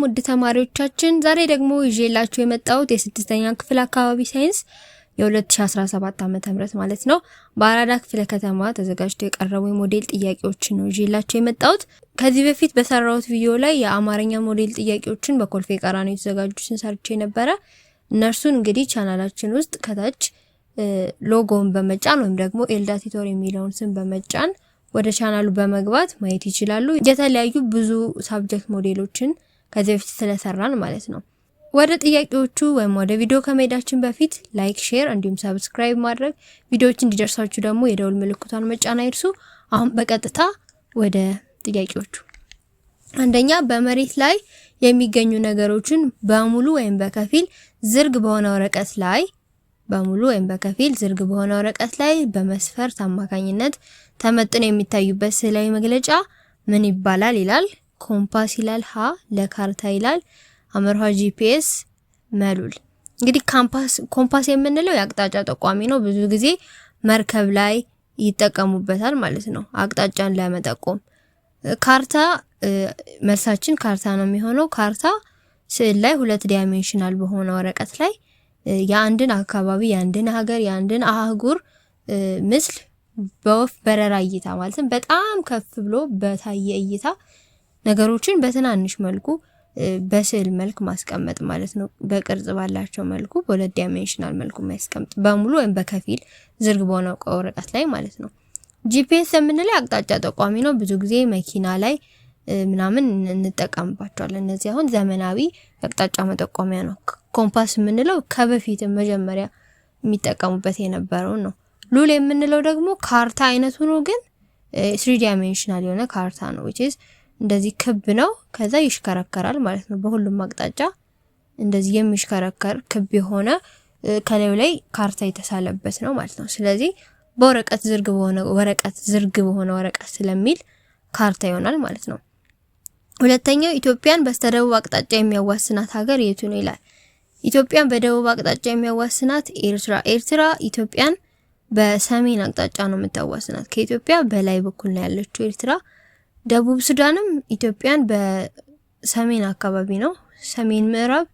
ሰላም ውድ ተማሪዎቻችን፣ ዛሬ ደግሞ ይዤላችሁ የመጣሁት የስድስተኛ ክፍል አካባቢ ሳይንስ የ2017 ዓ.ም ማለት ነው በአራዳ ክፍለ ከተማ ተዘጋጅቶ የቀረቡ የሞዴል ጥያቄዎችን ነው ይዤላችሁ የመጣሁት። ከዚህ በፊት በሰራሁት ቪዲዮ ላይ የአማርኛ ሞዴል ጥያቄዎችን በኮልፌ ቀራኒዮ የተዘጋጁትን ሰርቼ ነበረ። እነርሱን እንግዲህ ቻናላችን ውስጥ ከታች ሎጎውን በመጫን ወይም ደግሞ ኤልዳ ቲቶር የሚለውን ስም በመጫን ወደ ቻናሉ በመግባት ማየት ይችላሉ። የተለያዩ ብዙ ሳብጀክት ሞዴሎችን ከዚህ በፊት ስለሰራን ማለት ነው። ወደ ጥያቄዎቹ ወይም ወደ ቪዲዮ ከመሄዳችን በፊት ላይክ፣ ሼር እንዲሁም ሰብስክራይብ ማድረግ ቪዲዮዎች እንዲደርሳችሁ ደግሞ የደውል ምልክቷን መጫን አይርሱ። አሁን በቀጥታ ወደ ጥያቄዎቹ አንደኛ በመሬት ላይ የሚገኙ ነገሮችን በሙሉ ወይም በከፊል ዝርግ በሆነ ወረቀት ላይ በሙሉ ወይም በከፊል ዝርግ በሆነ ወረቀት ላይ በመስፈርት አማካኝነት ተመጥነው የሚታዩበት ስዕላዊ መግለጫ ምን ይባላል ይላል። ኮምፓስ ይላል፣ ሀ ለካርታ ይላል፣ አመርሃ ጂፒኤስ መሉል። እንግዲህ ኮምፓስ የምንለው የአቅጣጫ ጠቋሚ ነው። ብዙ ጊዜ መርከብ ላይ ይጠቀሙበታል ማለት ነው፣ አቅጣጫን ለመጠቆም። ካርታ መልሳችን ካርታ ነው የሚሆነው። ካርታ ስዕል ላይ ሁለት ዳይሜንሽናል በሆነ ወረቀት ላይ የአንድን አካባቢ የአንድን ሀገር የአንድን አህጉር ምስል በወፍ በረራ እይታ ማለትም በጣም ከፍ ብሎ በታየ እይታ ነገሮችን በትናንሽ መልኩ በስዕል መልክ ማስቀመጥ ማለት ነው። በቅርጽ ባላቸው መልኩ በሁለት ዳይሜንሽናል መልኩ የሚያስቀምጥ በሙሉ ወይም በከፊል ዝርግ በሆነ ወረቀት ላይ ማለት ነው። ጂፒኤስ የምንለው አቅጣጫ ጠቋሚ ነው። ብዙ ጊዜ መኪና ላይ ምናምን እንጠቀምባቸዋለን። እነዚህ አሁን ዘመናዊ አቅጣጫ መጠቋሚያ ነው። ኮምፓስ የምንለው ከበፊት መጀመሪያ የሚጠቀሙበት የነበረውን ነው። ሉል የምንለው ደግሞ ካርታ አይነቱ ነው፣ ግን ስሪ ዳይሜንሽናል የሆነ ካርታ ነው ዊች ኢዝ እንደዚህ ክብ ነው። ከዛ ይሽከረከራል ማለት ነው። በሁሉም አቅጣጫ እንደዚህ የሚሽከረከር ክብ የሆነ ከላዩ ላይ ካርታ የተሳለበት ነው ማለት ነው። ስለዚህ በወረቀት ዝርግ በሆነ ወረቀት ዝርግ በሆነ ወረቀት ስለሚል ካርታ ይሆናል ማለት ነው። ሁለተኛው ኢትዮጵያን በስተደቡብ አቅጣጫ የሚያዋስናት ሀገር የቱ ነው ይላል። ኢትዮጵያን በደቡብ አቅጣጫ የሚያዋስናት ኤርትራ። ኤርትራ ኢትዮጵያን በሰሜን አቅጣጫ ነው የምታዋስናት። ከኢትዮጵያ በላይ በኩል ነው ያለችው ኤርትራ ደቡብ ሱዳንም ኢትዮጵያን በሰሜን አካባቢ ነው፣ ሰሜን ምዕራብ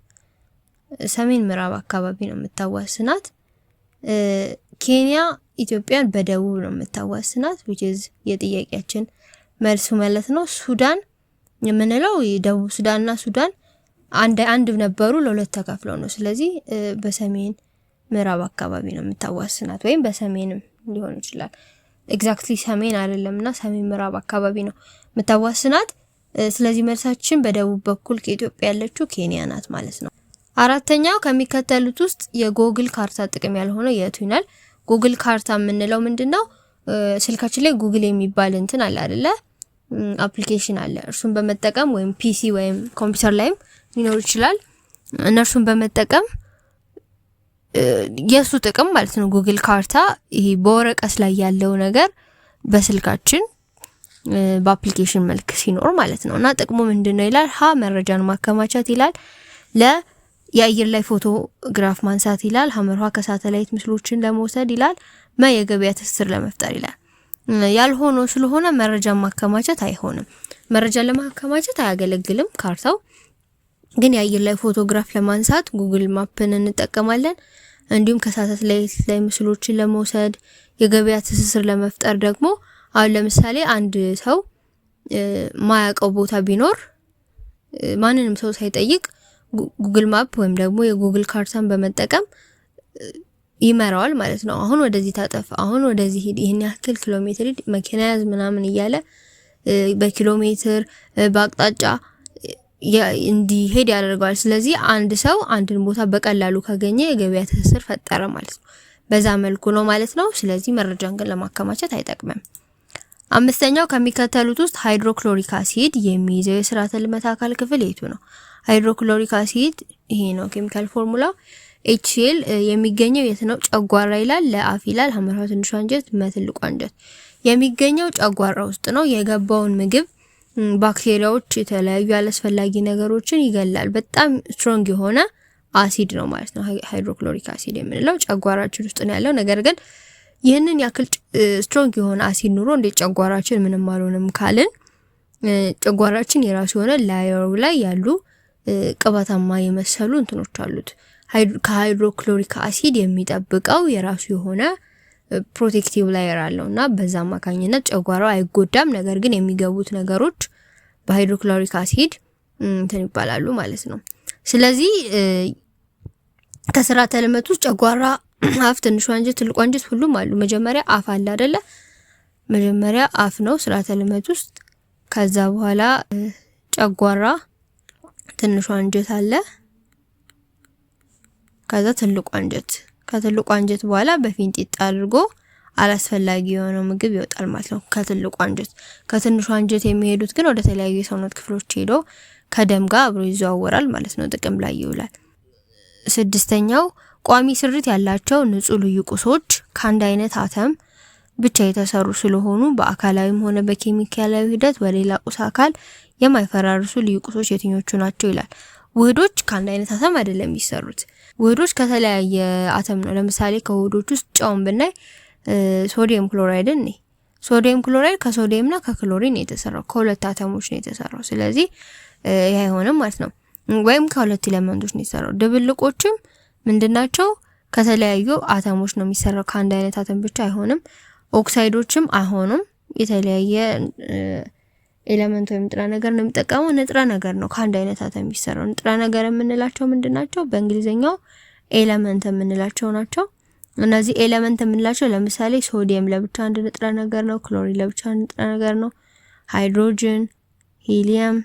ሰሜን ምዕራብ አካባቢ ነው የምታዋስናት። ኬንያ ኢትዮጵያን በደቡብ ነው የምታዋስናት። ዊችዝ የጥያቄያችን መልሱ ማለት ነው። ሱዳን የምንለው ደቡብ ሱዳንና ሱዳን አንድ አንድ ነበሩ፣ ለሁለት ተከፍለው ነው። ስለዚህ በሰሜን ምዕራብ አካባቢ ነው የምታዋስናት፣ ወይም በሰሜንም ሊሆን ይችላል። ኤግዛክትሊ ሰሜን አይደለም እና ሰሜን ምዕራብ አካባቢ ነው የምታዋስናት። ስለዚህ መልሳችን በደቡብ በኩል ከኢትዮጵያ ያለችው ኬንያ ናት ማለት ነው። አራተኛው ከሚከተሉት ውስጥ የጎግል ካርታ ጥቅም ያልሆነው የቱ ይናል? ጉግል ካርታ የምንለው ምንድን ነው? ስልካችን ላይ ጉግል የሚባል እንትን አለ አይደለ? አፕሊኬሽን አለ። እርሱን በመጠቀም ወይም ፒሲ ወይም ኮምፒውተር ላይም ሊኖር ይችላል። እነርሱን በመጠቀም የእሱ ጥቅም ማለት ነው ጉግል ካርታ ይሄ በወረቀት ላይ ያለው ነገር በስልካችን በአፕሊኬሽን መልክ ሲኖር ማለት ነው። እና ጥቅሙ ምንድን ነው ይላል። ሀ መረጃን ማከማቸት ይላል። ለ የአየር ላይ ፎቶግራፍ ማንሳት ይላል። ሀመርሃ ከሳተላይት ምስሎችን ለመውሰድ ይላል። መ የገበያ ትስስር ለመፍጠር ይላል። ያልሆነው ስለሆነ መረጃን ማከማቸት አይሆንም። መረጃን ለማከማቸት አያገለግልም ካርታው። ግን የአየር ላይ ፎቶግራፍ ለማንሳት ጉግል ማፕን እንጠቀማለን። እንዲሁም ከሳተላይት ላይ ምስሎችን ለመውሰድ የገበያ ትስስር ለመፍጠር ደግሞ አሁን ለምሳሌ አንድ ሰው ማያውቀው ቦታ ቢኖር ማንንም ሰው ሳይጠይቅ ጉግል ማፕ ወይም ደግሞ የጉግል ካርታን በመጠቀም ይመራዋል ማለት ነው። አሁን ወደዚህ ታጠፍ፣ አሁን ወደዚህ ሂድ፣ ይህን ያክል ኪሎ ሜትር ሂድ፣ መኪና ያዝ ምናምን እያለ በኪሎ ሜትር በአቅጣጫ እንዲሄድ ያደርገዋል። ስለዚህ አንድ ሰው አንድን ቦታ በቀላሉ ካገኘ የገበያ ትስስር ፈጠረ ማለት ነው። በዛ መልኩ ነው ማለት ነው። ስለዚህ መረጃን ግን ለማከማቸት አይጠቅምም። አምስተኛው ከሚከተሉት ውስጥ ሃይድሮክሎሪክ አሲድ የሚይዘው የስርዓተ ልመት አካል ክፍል የቱ ነው? ሃይድሮክሎሪክ አሲድ ይሄ ነው ኬሚካል ፎርሙላው። ኤችሲኤል የሚገኘው የት ነው? ጨጓራ ይላል። ለአፍ ይላል። ሀመርሃ ትንሿ አንጀት፣ መትልቋ አንጀት። የሚገኘው ጨጓራ ውስጥ ነው። የገባውን ምግብ ባክቴሪያዎች፣ የተለያዩ አላስፈላጊ ነገሮችን ይገላል። በጣም ስትሮንግ የሆነ አሲድ ነው ማለት ነው ሃይድሮክሎሪክ አሲድ የምንለው ጨጓራችን ውስጥ ነው ያለው። ነገር ግን ይህንን ያክል ስትሮንግ የሆነ አሲድ ኑሮ እንደ ጨጓራችን ምንም አልሆንም ካልን ጨጓራችን የራሱ የሆነ ላየሩ ላይ ያሉ ቅባታማ የመሰሉ እንትኖች አሉት። ከሃይድሮክሎሪክ አሲድ የሚጠብቀው የራሱ የሆነ ፕሮቴክቲቭ ላየር አለው እና በዛ አማካኝነት ጨጓራው አይጎዳም። ነገር ግን የሚገቡት ነገሮች በሃይድሮክሎሪክ አሲድ እንትን ይባላሉ ማለት ነው። ስለዚህ ከስራ ተልመት ውስጥ ጨጓራ፣ አፍ፣ ትንሿ አንጀት፣ ትልቋ አንጀት ሁሉም አሉ። መጀመሪያ አፍ አለ አደለ? መጀመሪያ አፍ ነው ስርዓተ ልመት ውስጥ። ከዛ በኋላ ጨጓራ፣ ትንሿ አንጀት አለ። ከዛ ትልቋ አንጀት ከትልቁ አንጀት በኋላ በፊንጢጣ አድርጎ አላስፈላጊ የሆነው ምግብ ይወጣል ማለት ነው፣ ከትልቁ አንጀት። ከትንሹ አንጀት የሚሄዱት ግን ወደ ተለያዩ የሰውነት ክፍሎች ሄዶ ከደም ጋር አብሮ ይዘዋወራል ማለት ነው፣ ጥቅም ላይ ይውላል። ስድስተኛው ቋሚ ስሪት ያላቸው ንጹህ ልዩ ቁሶች ከአንድ አይነት አተም ብቻ የተሰሩ ስለሆኑ በአካላዊም ሆነ በኬሚካላዊ ሂደት በሌላ ቁስ አካል የማይፈራርሱ ልዩ ቁሶች የትኞቹ ናቸው ይላል። ውህዶች ከአንድ አይነት አተም አይደለም የሚሰሩት ውህዶች ከተለያየ አተም ነው። ለምሳሌ ከውህዶች ውስጥ ጨውን ብናይ ሶዲየም ክሎራይድ እኔ ሶዲየም ክሎራይድ ከሶዲየምና ከክሎሪን የተሰራው ከሁለት አተሞች ነው የተሰራው። ስለዚህ ይህ አይሆንም ማለት ነው። ወይም ከሁለት ኤሌመንቶች ነው የተሰራው። ድብልቆችም ምንድናቸው? ከተለያዩ አተሞች ነው የሚሰራው። ከአንድ አይነት አተም ብቻ አይሆንም። ኦክሳይዶችም አይሆኑም። የተለያየ ኤለመንት ወይም ንጥረ ነገር ነው የሚጠቀመው። ንጥረ ነገር ነው ከአንድ አይነት አተም የሚሰራው። ንጥረ ነገር የምንላቸው ምንድን ናቸው? በእንግሊዝኛው ኤለመንት የምንላቸው ናቸው። እነዚህ ኤለመንት የምንላቸው ለምሳሌ ሶዲየም ለብቻ አንድ ንጥረ ነገር ነው። ክሎሪ ለብቻ አንድ ንጥረ ነገር ነው። ሃይድሮጅን፣ ሂሊየም፣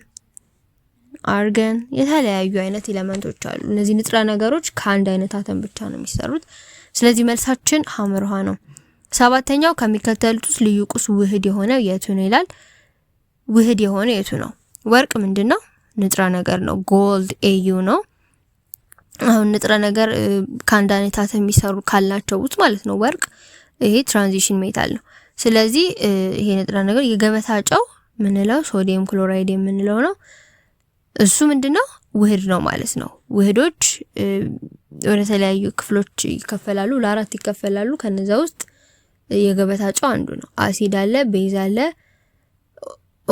አርገን የተለያዩ አይነት ኤሌመንቶች አሉ። እነዚህ ንጥረ ነገሮች ከአንድ አይነት አተም ብቻ ነው የሚሰሩት። ስለዚህ መልሳችን ውሃ ነው። ሰባተኛው ከሚከተሉት ውስጥ ልዩ ቁስ ውህድ የሆነው የቱን ይላል። ውህድ የሆነ የቱ ነው? ወርቅ ምንድን ነው? ንጥረ ነገር ነው። ጎልድ ኤዩ ነው። አሁን ንጥረ ነገር ከአንድ አይነታት የሚሰሩ ካላቸው ውስጥ ማለት ነው ወርቅ ይሄ ትራንዚሽን ሜታል ነው። ስለዚህ ይሄ ንጥረ ነገር የገበታ ጨው ምንለው ሶዲየም ክሎራይድ የምንለው ነው። እሱ ምንድነው ውህድ ነው ማለት ነው። ውህዶች ወደ ተለያዩ ክፍሎች ይከፈላሉ፣ ለአራት ይከፈላሉ። ከነዛ ውስጥ የገበታ ጨው አንዱ ነው። አሲድ አለ፣ ቤዝ አለ፣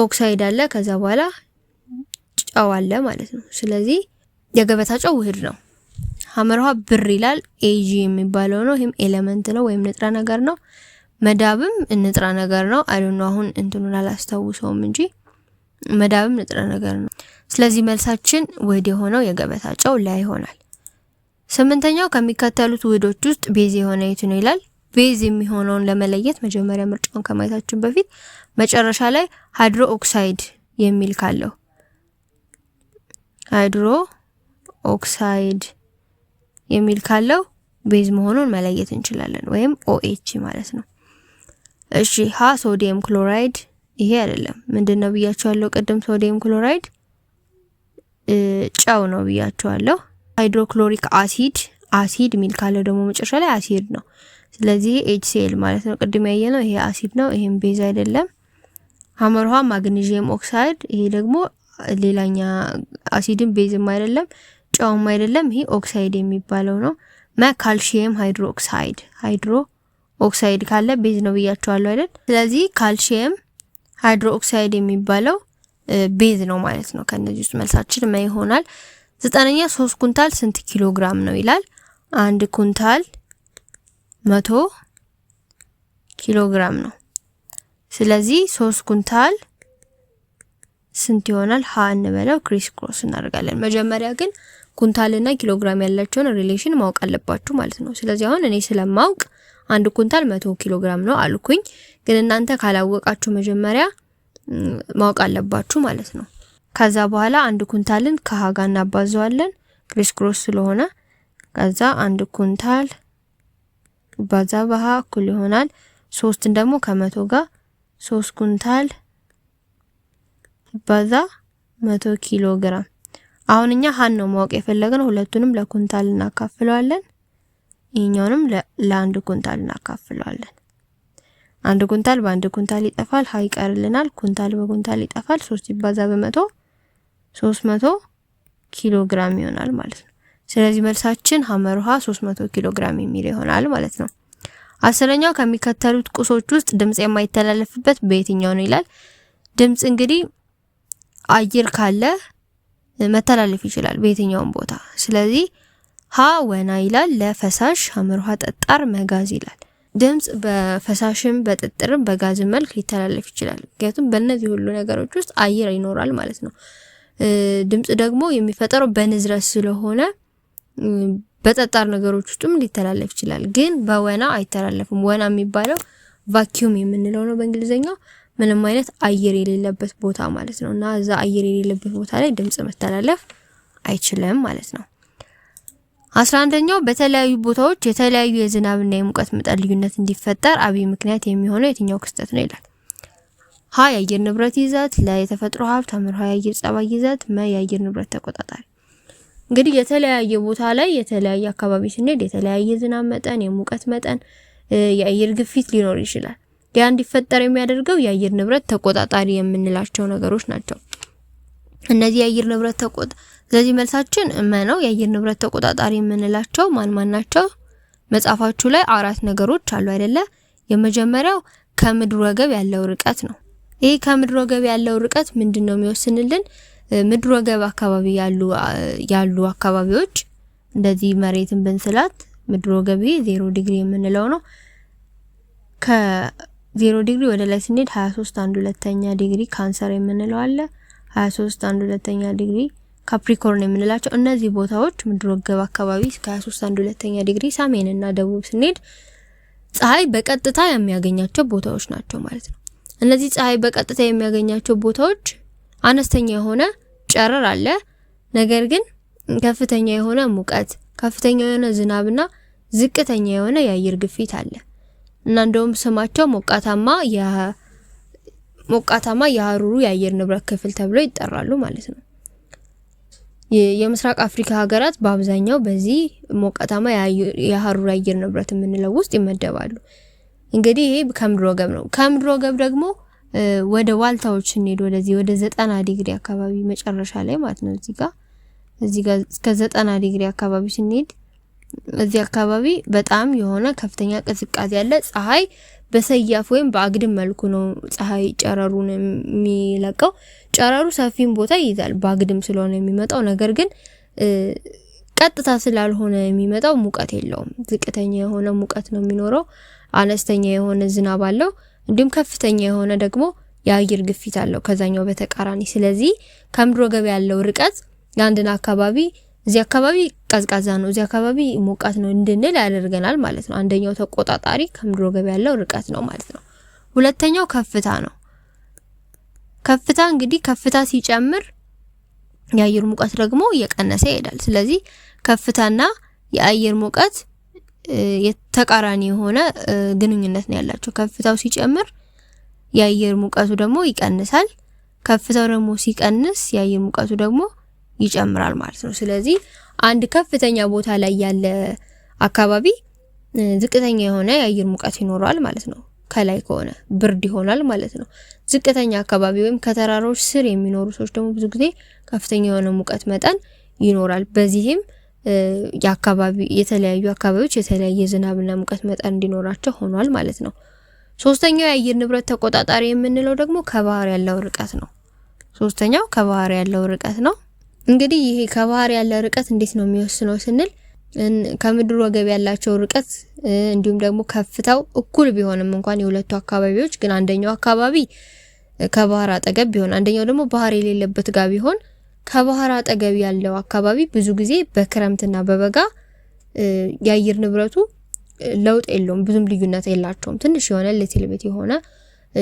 ኦክሳይድ አለ፣ ከዛ በኋላ ጨው አለ ማለት ነው። ስለዚህ የገበታ ጨው ውህድ ነው። ሀመርሃ ብር ይላል። ኤጂ የሚባለው ነው። ይህም ኤሌመንት ነው ወይም ንጥረ ነገር ነው። መዳብም ንጥረ ነገር ነው። አይዶነ አሁን እንትኑን አላስታውሰውም እንጂ መዳብም ንጥረ ነገር ነው። ስለዚህ መልሳችን ውህድ የሆነው የገበታ ጨው ላይ ይሆናል። ስምንተኛው ከሚከተሉት ውህዶች ውስጥ ቤዝ የሆነ የቱ ነው ይላል። ቤዝ የሚሆነውን ለመለየት መጀመሪያ ምርጫውን ከማየታችን በፊት መጨረሻ ላይ ሃይድሮ ኦክሳይድ የሚል ካለው ሃይድሮ ኦክሳይድ የሚል ካለው ቤዝ መሆኑን መለየት እንችላለን፣ ወይም ኦኤች ማለት ነው። እሺ ሀ ሶዲየም ክሎራይድ ይሄ አይደለም። ምንድን ነው ብያቸዋለሁ? ቅድም ሶዲየም ክሎራይድ ጨው ነው ብያቸዋለሁ። ሃይድሮክሎሪክ አሲድ አሲድ የሚል ካለው ደግሞ መጨረሻ ላይ አሲድ ነው። ስለዚህ ኤችሲኤል ማለት ነው። ቅድም ያየ ነው። ይሄ አሲድ ነው። ይሄም ቤዝ አይደለም። ሀመር ውሃ ማግኔዥየም ኦክሳይድ ይሄ ደግሞ ሌላኛ አሲድም ቤዝም አይደለም ጨውም አይደለም። ይሄ ኦክሳይድ የሚባለው ነው። መ ካልሽየም ሃይድሮ ኦክሳይድ ሃይድሮ ኦክሳይድ ካለ ቤዝ ነው ብያቸዋለሁ አይደል? ስለዚህ ካልሽየም ሃይድሮ ኦክሳይድ የሚባለው ቤዝ ነው ማለት ነው። ከነዚህ ውስጥ መልሳችን መ ይሆናል። ዘጠነኛ ሶስት ኩንታል ስንት ኪሎ ግራም ነው ይላል። አንድ ኩንታል መቶ ኪሎ ግራም ነው። ስለዚህ ሶስት ኩንታል ስንት ይሆናል? ሀ እንበለው ክሪስ ክሮስ እናደርጋለን። መጀመሪያ ግን ኩንታልና ኪሎግራም ያላቸውን ሪሌሽን ማወቅ አለባችሁ ማለት ነው። ስለዚህ አሁን እኔ ስለማውቅ አንድ ኩንታል መቶ ኪሎግራም ነው አልኩኝ። ግን እናንተ ካላወቃችሁ መጀመሪያ ማወቅ አለባችሁ ማለት ነው። ከዛ በኋላ አንድ ኩንታልን ከሀ ጋር እናባዘዋለን ክሪስ ክሮስ ስለሆነ ከዛ አንድ ኩንታል ባዛ በሀ እኩል ይሆናል ሶስትን ደግሞ ከመቶ ጋር ሶስት ኩንታል ይባዛ 100 ኪሎ ግራም። አሁን እኛ ሀን ነው ማወቅ የፈለግነው። ሁለቱንም ለኩንታል እናካፍለዋለን። ይህኛውንም ለአንድ ኩንታል እናካፍለዋለን። አንድ ኩንታል በአንድ ኩንታል ይጠፋል፣ ሀ ይቀርልናል። ኩንታል በኩንታል ይጠፋል። ሶስት ይባዛ በመቶ ሶስት መቶ ኪሎ ግራም ይሆናል ማለት ነው። ስለዚህ መልሳችን ሀመር ውሃ 300 ኪሎ ግራም የሚል ይሆናል ማለት ነው። አስረኛው ከሚከተሉት ቁሶች ውስጥ ድምጽ የማይተላለፍበት በየትኛው ነው ይላል። ድምጽ እንግዲህ አየር ካለ መተላለፍ ይችላል በየትኛውም ቦታ። ስለዚህ ሀ ወና ይላል ለፈሳሽ አምርሃ ጠጣር መጋዝ ይላል። ድምጽ በፈሳሽም በጥጥርም በጋዝም መልክ ሊተላለፍ ይችላል። ምክንያቱም በእነዚህ ሁሉ ነገሮች ውስጥ አየር ይኖራል ማለት ነው። ድምጽ ደግሞ የሚፈጠረው በንዝረት ስለሆነ በጠጣር ነገሮች ውስጥም ሊተላለፍ ይችላል፣ ግን በወና አይተላለፍም። ወና የሚባለው ቫኪዩም የምንለው ነው በእንግሊዝኛው። ምንም አይነት አየር የሌለበት ቦታ ማለት ነው እና እዛ አየር የሌለበት ቦታ ላይ ድምጽ መተላለፍ አይችልም ማለት ነው። አስራ አንደኛው በተለያዩ ቦታዎች የተለያዩ የዝናብና የሙቀት መጠን ልዩነት እንዲፈጠር አብይ ምክንያት የሚሆነው የትኛው ክስተት ነው ይላል። ሀ የአየር ንብረት ይዘት፣ ለ የተፈጥሮ ሀብት፣ ሐ የአየር ጸባይ ይዘት፣ መ የአየር ንብረት ተቆጣጣሪ እንግዲህ የተለያየ ቦታ ላይ የተለያየ አካባቢ ስንሄድ የተለያየ ዝናብ መጠን፣ የሙቀት መጠን፣ የአየር ግፊት ሊኖር ይችላል። ያ እንዲፈጠር የሚያደርገው የአየር ንብረት ተቆጣጣሪ የምንላቸው ነገሮች ናቸው። እነዚህ የአየር ንብረት ተቆጣ ስለዚህ መልሳችን እመ ነው። የአየር ንብረት ተቆጣጣሪ የምንላቸው ማን ማን ናቸው? መጽሐፋችሁ ላይ አራት ነገሮች አሉ አይደለ? የመጀመሪያው ከምድር ወገብ ያለው ርቀት ነው። ይህ ከምድር ወገብ ያለው ርቀት ምንድን ነው የሚወስንልን? ምድር ገብ አካባቢ ያሉ ያሉ አካባቢዎች እንደዚህ መሬትን ብንስላት ምድር ወገብ ዜሮ ዲግሪ የምንለው ነው። ከዜሮ ዲግሪ ወደ ላይ ስንሄድ 23 አንድ ሁለተኛ ዲግሪ ካንሰር የምንለው አለ። 23 አንድ ሁለተኛ ዲግሪ ካፕሪኮርን የምንላቸው እነዚህ ቦታዎች ምድር ወገብ አካባቢ እስከ 23 አንድ ሁለተኛ ዲግሪ ሰሜን እና ደቡብ ስንሄድ ፀሐይ በቀጥታ የሚያገኛቸው ቦታዎች ናቸው ማለት ነው። እነዚህ ፀሐይ በቀጥታ የሚያገኛቸው ቦታዎች አነስተኛ የሆነ ጨረር አለ። ነገር ግን ከፍተኛ የሆነ ሙቀት፣ ከፍተኛ የሆነ ዝናብና ዝቅተኛ የሆነ የአየር ግፊት አለ እና እንደውም ስማቸው ሞቃታማ ሞቃታማ የሀሩሩ የአየር ንብረት ክፍል ተብሎ ይጠራሉ ማለት ነው። የምስራቅ አፍሪካ ሀገራት በአብዛኛው በዚህ ሞቃታማ የሀሩሩ የአየር ንብረት የምንለው ውስጥ ይመደባሉ። እንግዲህ ይሄ ከምድሮ ወገብ ነው። ከምድሮ ወገብ ደግሞ ወደ ዋልታዎች እንሄድ ወደዚህ ወደ ዘጠና ዲግሪ አካባቢ መጨረሻ ላይ ማለት ነው። እዚህ ጋር እዚህ ጋር እስከ ዘጠና ዲግሪ አካባቢ ስንሄድ እዚህ አካባቢ በጣም የሆነ ከፍተኛ ቅዝቃዜ ያለ ፀሐይ በሰያፍ ወይም በአግድም መልኩ ነው ፀሐይ ጨረሩን የሚለቀው። ጨረሩ ሰፊን ቦታ ይይዛል በአግድም ስለሆነ የሚመጣው ነገር ግን ቀጥታ ስላልሆነ የሚመጣው ሙቀት የለውም። ዝቅተኛ የሆነ ሙቀት ነው የሚኖረው። አነስተኛ የሆነ ዝናብ አለው። እንዲሁም ከፍተኛ የሆነ ደግሞ የአየር ግፊት አለው ከዛኛው በተቃራኒ። ስለዚህ ከምድሮ ገብ ያለው ርቀት የአንድን አካባቢ እዚህ አካባቢ ቀዝቃዛ ነው፣ እዚህ አካባቢ ሞቃት ነው እንድንል ያደርገናል ማለት ነው። አንደኛው ተቆጣጣሪ ከምድረ ገብ ያለው ርቀት ነው ማለት ነው። ሁለተኛው ከፍታ ነው። ከፍታ እንግዲህ ከፍታ ሲጨምር የአየር ሙቀት ደግሞ እየቀነሰ ይሄዳል። ስለዚህ ከፍታና የአየር ሙቀት ተቃራኒ የሆነ ግንኙነት ነው ያላቸው። ከፍታው ሲጨምር የአየር ሙቀቱ ደግሞ ይቀንሳል። ከፍታው ደግሞ ሲቀንስ የአየር ሙቀቱ ደግሞ ይጨምራል ማለት ነው። ስለዚህ አንድ ከፍተኛ ቦታ ላይ ያለ አካባቢ ዝቅተኛ የሆነ የአየር ሙቀት ይኖረዋል ማለት ነው። ከላይ ከሆነ ብርድ ይሆናል ማለት ነው። ዝቅተኛ አካባቢ ወይም ከተራሮች ስር የሚኖሩ ሰዎች ደግሞ ብዙ ጊዜ ከፍተኛ የሆነ ሙቀት መጠን ይኖራል። በዚህም የአካባቢ የተለያዩ አካባቢዎች የተለያየ ዝናብና ሙቀት መጠን እንዲኖራቸው ሆኗል ማለት ነው። ሶስተኛው የአየር ንብረት ተቆጣጣሪ የምንለው ደግሞ ከባህር ያለው ርቀት ነው። ሶስተኛው ከባህር ያለው ርቀት ነው። እንግዲህ ይሄ ከባህር ያለ ርቀት እንዴት ነው የሚወስነው ስንል ከምድር ወገብ ያላቸው ርቀት እንዲሁም ደግሞ ከፍታው እኩል ቢሆንም እንኳን የሁለቱ አካባቢዎች ግን አንደኛው አካባቢ ከባህር አጠገብ ቢሆን አንደኛው ደግሞ ባህር የሌለበት ጋር ቢሆን ከባህር አጠገብ ያለው አካባቢ ብዙ ጊዜ በክረምትና በበጋ የአየር ንብረቱ ለውጥ የለውም፣ ብዙም ልዩነት የላቸውም። ትንሽ የሆነ ለቴሌቤት የሆነ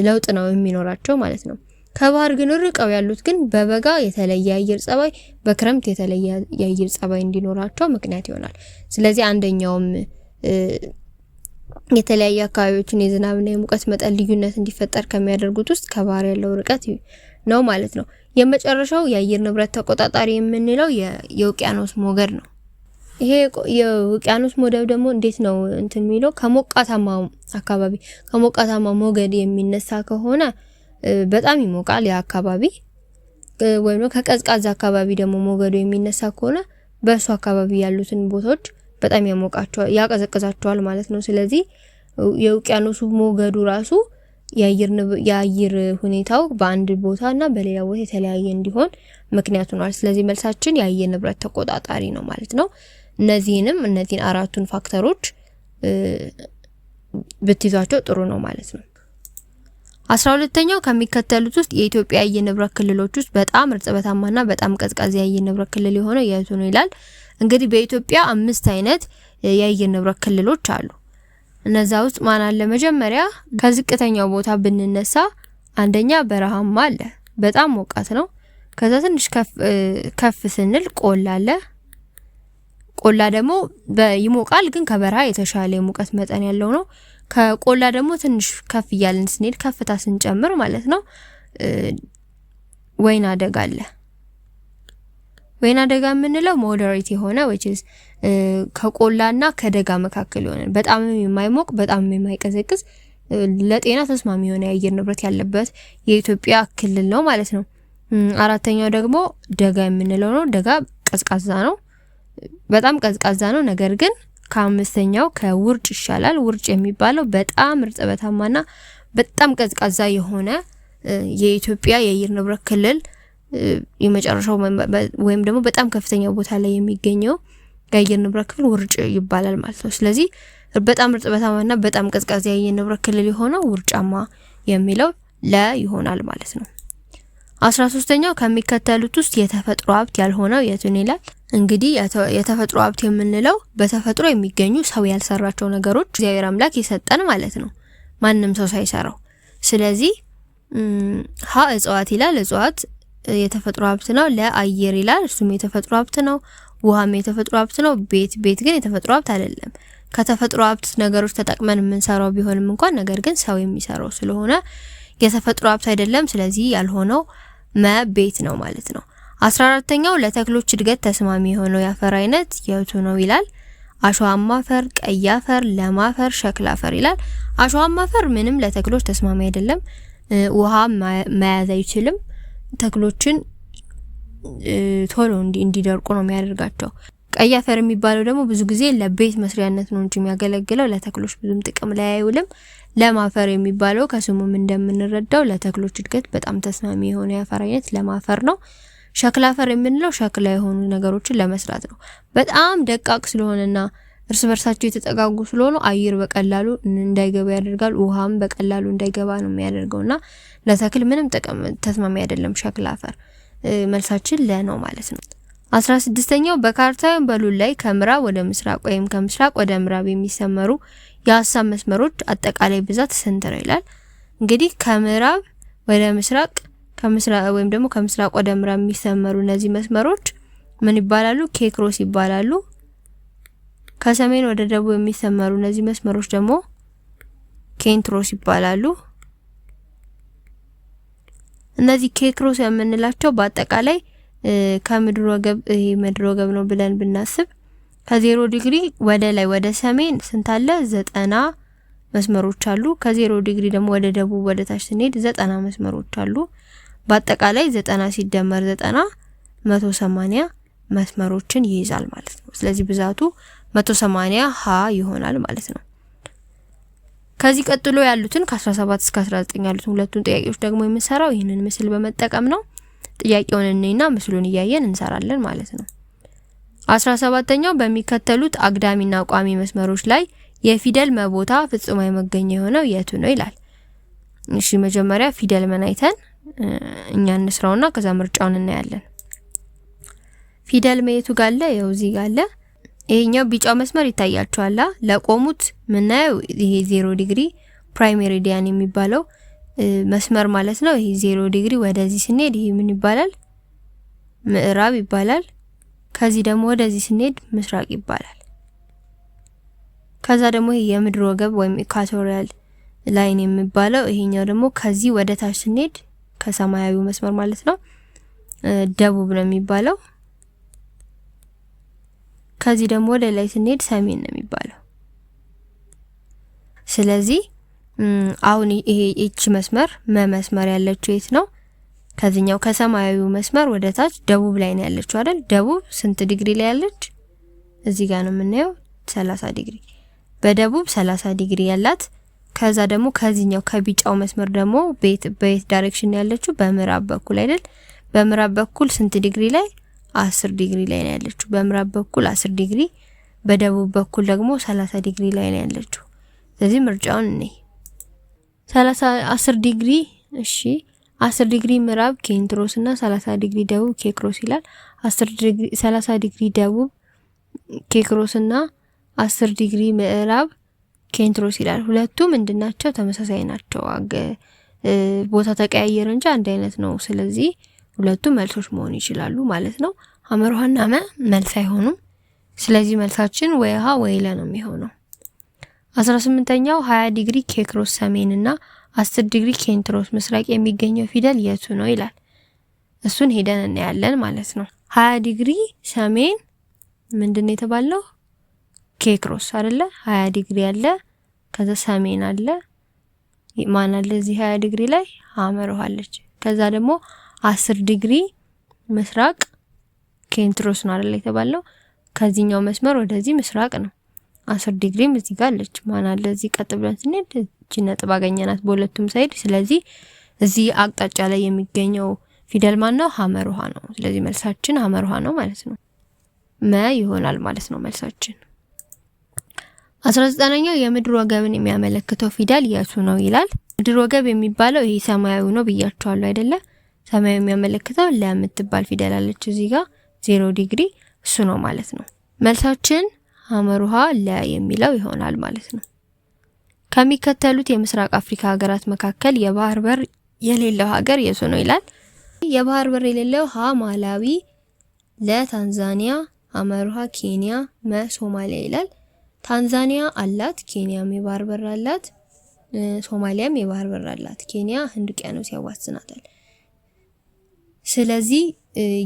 ለውጥ ነው የሚኖራቸው ማለት ነው። ከባህር ግን ርቀው ያሉት ግን በበጋ የተለየ አየር ጸባይ፣ በክረምት የተለየ የአየር ጸባይ እንዲኖራቸው ምክንያት ይሆናል። ስለዚህ አንደኛውም የተለያዩ አካባቢዎችን የዝናብና የሙቀት መጠን ልዩነት እንዲፈጠር ከሚያደርጉት ውስጥ ከባህር ያለው ርቀት ነው ማለት ነው። የመጨረሻው የአየር ንብረት ተቆጣጣሪ የምንለው የውቅያኖስ ሞገድ ነው። ይሄ የውቅያኖስ ሞገድ ደግሞ እንዴት ነው እንትን የሚለው ከሞቃታማ አካባቢ ከሞቃታማ ሞገድ የሚነሳ ከሆነ በጣም ይሞቃል ያ አካባቢ ወይም ደግሞ ከቀዝቃዛ አካባቢ ደግሞ ሞገዱ የሚነሳ ከሆነ በእሱ አካባቢ ያሉትን ቦታዎች በጣም ያሞቃቸዋል፣ ያቀዘቅዛቸዋል ማለት ነው። ስለዚህ የውቅያኖሱ ሞገዱ ራሱ የአየር ሁኔታው በአንድ ቦታ እና በሌላ ቦታ የተለያየ እንዲሆን ምክንያት ሆኗል። ስለዚህ መልሳችን የአየር ንብረት ተቆጣጣሪ ነው ማለት ነው። እነዚህንም እነዚህን አራቱን ፋክተሮች ብትይዟቸው ጥሩ ነው ማለት ነው። አስራ ሁለተኛው ከሚከተሉት ውስጥ የኢትዮጵያ የአየር ንብረት ክልሎች ውስጥ በጣም እርጥበታማና በጣም ቀዝቃዛ የአየር ንብረት ክልል የሆነ የቱ ነው ይላል። እንግዲህ በኢትዮጵያ አምስት አይነት የአየር ንብረት ክልሎች አሉ። እነዛ ውስጥ ማን አለ? መጀመሪያ ከዝቅተኛው ቦታ ብንነሳ አንደኛ በረሃማ አለ፣ በጣም ሞቃት ነው። ከዛ ትንሽ ከፍ ስንል ቆላ አለ። ቆላ ደግሞ ይሞቃል፣ ግን ከበረሃ የተሻለ የሙቀት መጠን ያለው ነው። ከቆላ ደግሞ ትንሽ ከፍ እያልን ስንሄድ ከፍታ ስንጨምር ማለት ነው ወይና ደጋ አለ። ወይና ደጋ የምንለው ሞደሬት የሆነ ዊች ኢዝ ከቆላና ከደጋ መካከል የሆነ በጣም የማይሞቅ በጣም የማይቀዘቅዝ ለጤና ተስማሚ የሆነ የአየር ንብረት ያለበት የኢትዮጵያ ክልል ነው ማለት ነው። አራተኛው ደግሞ ደጋ የምንለው ነው። ደጋ ቀዝቃዛ ነው፣ በጣም ቀዝቃዛ ነው። ነገር ግን ከአምስተኛው ከውርጭ ይሻላል። ውርጭ የሚባለው በጣም እርጥበታማና በጣም ቀዝቃዛ የሆነ የኢትዮጵያ የአየር ንብረት ክልል የመጨረሻው ወይም ደግሞ በጣም ከፍተኛ ቦታ ላይ የሚገኘው የአየር ንብረት ክፍል ውርጭ ይባላል ማለት ነው። ስለዚህ በጣም እርጥበታማና በጣም ቀዝቃዛ የአየር ንብረት ክልል የሆነው ውርጫማ የሚለው ለ ይሆናል ማለት ነው። አስራ ሶስተኛው ከሚከተሉት ውስጥ የተፈጥሮ ሀብት ያልሆነው የቱን ይላል። እንግዲህ የተፈጥሮ ሀብት የምንለው በተፈጥሮ የሚገኙ ሰው ያልሰራቸው ነገሮች እግዚአብሔር አምላክ የሰጠን ማለት ነው፣ ማንም ሰው ሳይሰራው። ስለዚህ ሀ እጽዋት ይላል። እጽዋት የተፈጥሮ ሀብት ነው። ለአየር ይላል። እሱም የተፈጥሮ ሀብት ነው። ውሃም የተፈጥሮ ሀብት ነው። ቤት ቤት ግን የተፈጥሮ ሀብት አይደለም። ከተፈጥሮ ሀብት ነገሮች ተጠቅመን የምንሰራው ቢሆንም እንኳን ነገር ግን ሰው የሚሰራው ስለሆነ የተፈጥሮ ሀብት አይደለም። ስለዚህ ያልሆነው መቤት ነው ማለት ነው። አስራ አራተኛው ለተክሎች እድገት ተስማሚ የሆነው የአፈር አይነት የቱ ነው ይላል። አሸዋማ አፈር፣ ቀይ አፈር፣ ለም አፈር፣ ሸክላ አፈር ይላል። አሸዋማ አፈር ምንም ለተክሎች ተስማሚ አይደለም። ውሃ መያዝ አይችልም። ተክሎችን ቶሎ እንዲደርቁ ነው የሚያደርጋቸው። ቀይ አፈር የሚባለው ደግሞ ብዙ ጊዜ ለቤት መስሪያነት ነው እንጂ የሚያገለግለው ለተክሎች ብዙም ጥቅም ላይ አይውልም። ለም አፈር የሚባለው ከስሙም እንደምንረዳው ለተክሎች እድገት በጣም ተስማሚ የሆነ የአፈር አይነት ለም አፈር ነው። ሸክላ አፈር የምንለው ሸክላ የሆኑ ነገሮችን ለመስራት ነው። በጣም ደቃቅ ስለሆነና እርስ በርሳቸው የተጠጋጉ ስለሆኑ አየር በቀላሉ እንዳይገባ ያደርጋል። ውሃም በቀላሉ እንዳይገባ ነው የሚያደርገውና ለተክል ምንም ጥቅም ተስማሚ አይደለም ሸክላ አፈር። መልሳችን ለ ነው ማለት ነው። አስራ ስድስተኛው በካርታ ወይም በሉል ላይ ከምዕራብ ወደ ምስራቅ ወይም ከምስራቅ ወደ ምዕራብ የሚሰመሩ የሀሳብ መስመሮች አጠቃላይ ብዛት ስንትረው ይላል። እንግዲህ ከምዕራብ ወደ ምስራቅ ከምስራቅ ወይም ደግሞ ከምስራቅ ወደ ምዕራብ የሚሰመሩ እነዚህ መስመሮች ምን ይባላሉ? ኬክሮስ ይባላሉ። ከሰሜን ወደ ደቡብ የሚሰመሩ እነዚህ መስመሮች ደግሞ ኬንትሮስ ይባላሉ። እነዚህ ኬክሮስ የምንላቸው በአጠቃላይ ከምድር ወገብ ይሄ ምድር ወገብ ነው ብለን ብናስብ ከዜሮ ዲግሪ ወደ ላይ ወደ ሰሜን ስንት አለ? ዘጠና መስመሮች አሉ። ከዜሮ ዲግሪ ደግሞ ወደ ደቡብ ወደ ታች ስንሄድ ዘጠና መስመሮች አሉ። በአጠቃላይ ዘጠና ሲደመር ዘጠና መቶ ሰማኒያ መስመሮችን ይይዛል ማለት ነው። ስለዚህ ብዛቱ መቶ ሰማኒያ ሀ ይሆናል ማለት ነው። ከዚህ ቀጥሎ ያሉትን ከ17 እስከ 19 ያሉትን ሁለቱን ጥያቄዎች ደግሞ የምንሰራው ይህንን ምስል በመጠቀም ነው። ጥያቄውን እኔና ምስሉን እያየን እንሰራለን ማለት ነው። 17ኛው በሚከተሉት አግዳሚና ቋሚ መስመሮች ላይ የፊደል መቦታ ፍጹማዊ መገኛ የሆነው የቱ ነው ይላል። እሺ መጀመሪያ ፊደል አይተን እኛ እንስራውና ከዛ ምርጫውን እናያለን። ፊደል መየቱ ጋለ ያው እዚህ ጋለ ይሄኛው ቢጫው መስመር ይታያችኋል። ለቆሙት ምናየው ይሄ ዜሮ ዲግሪ ፕራይም ሜሪዲያን የሚባለው መስመር ማለት ነው። ይሄ ዜሮ ዲግሪ ወደዚህ ስንሄድ ይሄ ምን ይባላል? ምዕራብ ይባላል። ከዚህ ደግሞ ወደዚህ ስንሄድ ምስራቅ ይባላል። ከዛ ደግሞ ይሄ የምድር ወገብ ወይም ኢኳቶሪያል ላይን የሚባለው ይሄኛው ደግሞ ከዚህ ወደ ታች ስንሄድ ከሰማያዊው መስመር ማለት ነው ደቡብ ነው የሚባለው። ከዚህ ደግሞ ወደ ላይ ስንሄድ ሰሜን ነው የሚባለው። ስለዚህ አሁን ይሄ እቺ መስመር መመስመር ያለችው የት ነው? ከዚህኛው ከሰማያዊው መስመር ወደ ታች ደቡብ ላይ ነው ያለችው አይደል? ደቡብ ስንት ዲግሪ ላይ ያለች? እዚህ ጋር ነው የምናየው 30 ዲግሪ። በደቡብ 30 ዲግሪ ያላት ከዛ ደግሞ ከዚህኛው ከቢጫው መስመር ደግሞ በየት ዳይሬክሽን ያለችው? በምዕራብ በኩል አይደል? በምዕራብ በኩል ስንት ዲግሪ ላይ አስር ዲግሪ ላይ ነው ያለችው። በምዕራብ በኩል አስር ዲግሪ፣ በደቡብ በኩል ደግሞ ሰላሳ ዲግሪ ላይ ነው ያለችው። ስለዚህ ምርጫውን እኔ ሰላሳ አስር ዲግሪ እሺ፣ አስር ዲግሪ ምዕራብ ኬንትሮስ እና ሰላሳ ዲግሪ ደቡብ ኬክሮስ ይላል። አስር ዲግሪ ሰላሳ ዲግሪ ደቡብ ኬክሮስ እና አስር ዲግሪ ምዕራብ ኬንትሮስ ይላል። ሁለቱ ምንድናቸው? ተመሳሳይ ናቸው። ቦታ ተቀያየረ እንጂ አንድ አይነት ነው። ስለዚህ ሁለቱም መልሶች መሆን ይችላሉ ማለት ነው። ሀመርሃና መ መልስ አይሆኑም። ስለዚህ መልሳችን ወይ ሀ ወይ ለ ነው የሚሆነው። አስራ ስምንተኛው ሀያ ዲግሪ ኬክሮስ ሰሜን እና አስር ዲግሪ ኬንትሮስ ምስራቅ የሚገኘው ፊደል የቱ ነው ይላል። እሱን ሄደን እናያለን ማለት ነው። ሀያ ዲግሪ ሰሜን ምንድን የተባለው ኬክሮስ አይደለ? ሀያ ዲግሪ አለ፣ ከዛ ሰሜን አለ። ማን አለ እዚህ ሀያ ዲግሪ ላይ? ሀመር ከዛ ደግሞ አስር ዲግሪ ምስራቅ ኬንትሮስ ነው አይደል የተባለው? ከዚህኛው መስመር ወደዚህ ምስራቅ ነው። አስር ዲግሪም እዚህ ጋር አለች። ማን አለ እዚህ ቀጥ ብለን ስንሄድ እቺ ነጥብ አገኘናት በሁለቱም ሳይድ። ስለዚህ እዚህ አቅጣጫ ላይ የሚገኘው ፊደል ማን ነው? ሀመር ውሃ ነው። ስለዚህ መልሳችን ሀመር ውሃ ነው ማለት ነው። መ ይሆናል ማለት ነው መልሳችን። አስራ ዘጠነኛው የምድር ወገብን የሚያመለክተው ፊደል የቱ ነው ይላል። ምድር ወገብ የሚባለው ይሄ ሰማያዊ ነው ብያቸዋለሁ አይደለም ሰማያዊ የሚያመለክተው ለምትባል ፊደል አለች እዚህ ጋር ዜሮ ዲግሪ እሱ ነው ማለት ነው። መልሳችን አመሩሃ ለ የሚለው ይሆናል ማለት ነው። ከሚከተሉት የምስራቅ አፍሪካ ሀገራት መካከል የባህር በር የሌለው ሀገር የሱ ነው ይላል። የባህር በር የሌለው ሀ ማላዊ፣ ለ ታንዛኒያ፣ ሀመሩሃ ኬንያ፣ መ ሶማሊያ ይላል። ታንዛኒያ አላት፣ ኬንያም የባህር በር አላት፣ ሶማሊያም የባህር በር አላት። ኬንያ ህንድ ውቅያኖስ ያዋስናታል። ስለዚህ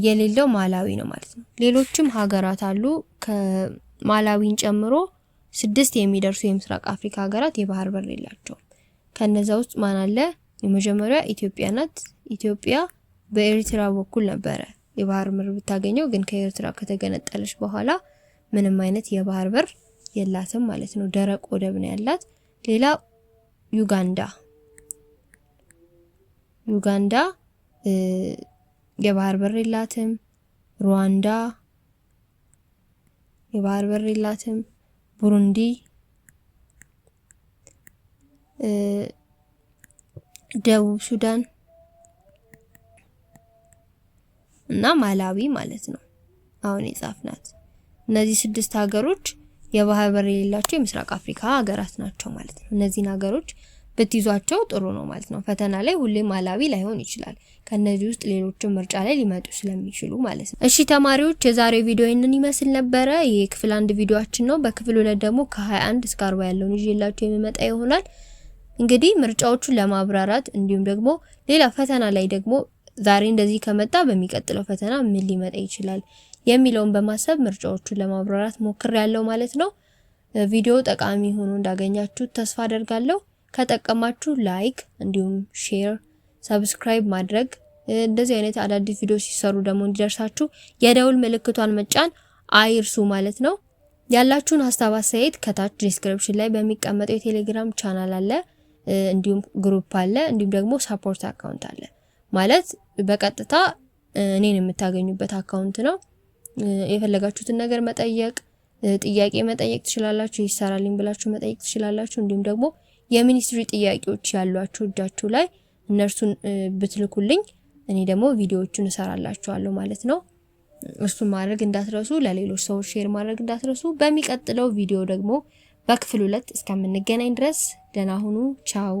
የሌለው ማላዊ ነው ማለት ነው። ሌሎችም ሀገራት አሉ። ከማላዊን ጨምሮ ስድስት የሚደርሱ የምስራቅ አፍሪካ ሀገራት የባህር በር የላቸውም። ከነዛ ውስጥ ማን አለ? የመጀመሪያ ኢትዮጵያ ናት። ኢትዮጵያ በኤርትራ በኩል ነበረ የባህር በር ብታገኘው፣ ግን ከኤርትራ ከተገነጠለች በኋላ ምንም አይነት የባህር በር የላትም ማለት ነው። ደረቅ ወደብ ነው ያላት። ሌላ ዩጋንዳ ዩጋንዳ የባህር በር የላትም። ሩዋንዳ የባህር በር የላትም። ቡሩንዲ ደቡብ ሱዳን እና ማላዊ ማለት ነው። አሁን የጻፍናት እነዚህ ስድስት ሀገሮች የባህር በር የሌላቸው የምስራቅ አፍሪካ ሀገራት ናቸው ማለት ነው። እነዚህን ሀገሮች ብትይዟቸው ጥሩ ነው ማለት ነው። ፈተና ላይ ሁሌም አላዊ ላይሆን ይችላል። ከነዚህ ውስጥ ሌሎችን ምርጫ ላይ ሊመጡ ስለሚችሉ ማለት ነው። እሺ ተማሪዎች የዛሬው ቪዲዮ ይህንን ይመስል ነበረ። ይሄ ክፍል አንድ ቪዲዮችን ነው። በክፍል ሁለት ደግሞ ከ21 እስከ 40 ያለውን ይዤላችሁ የሚመጣ ይሆናል። እንግዲህ ምርጫዎቹን ለማብራራት እንዲሁም ደግሞ ሌላ ፈተና ላይ ደግሞ ዛሬ እንደዚህ ከመጣ በሚቀጥለው ፈተና ምን ሊመጣ ይችላል የሚለውን በማሰብ ምርጫዎቹን ለማብራራት ሞክር ያለው ማለት ነው። ቪዲዮ ጠቃሚ ሆኖ እንዳገኛችሁ ተስፋ አደርጋለሁ። ከጠቀማችሁ ላይክ እንዲሁም ሼር፣ ሰብስክራይብ ማድረግ እንደዚህ አይነት አዳዲስ ቪዲዮ ሲሰሩ ደግሞ እንዲደርሳችሁ የደውል ምልክቷን መጫን አይርሱ ማለት ነው። ያላችሁን ሀሳብ አስተያየት ከታች ዲስክሪፕሽን ላይ በሚቀመጠው የቴሌግራም ቻናል አለ፣ እንዲሁም ግሩፕ አለ፣ እንዲሁም ደግሞ ሳፖርት አካውንት አለ። ማለት በቀጥታ እኔን የምታገኙበት አካውንት ነው። የፈለጋችሁትን ነገር መጠየቅ ጥያቄ መጠየቅ ትችላላችሁ። ይሰራልኝ ብላችሁ መጠየቅ ትችላላችሁ። እንዲሁም ደግሞ የሚኒስትሪ ጥያቄዎች ያሏችሁ እጃችሁ ላይ እነርሱን ብትልኩልኝ እኔ ደግሞ ቪዲዮዎቹን እሰራላችኋለሁ ማለት ነው። እሱን ማድረግ እንዳትረሱ፣ ለሌሎች ሰዎች ሼር ማድረግ እንዳትረሱ። በሚቀጥለው ቪዲዮ ደግሞ በክፍል ሁለት እስከምንገናኝ ድረስ ደህና ሁኑ። ቻው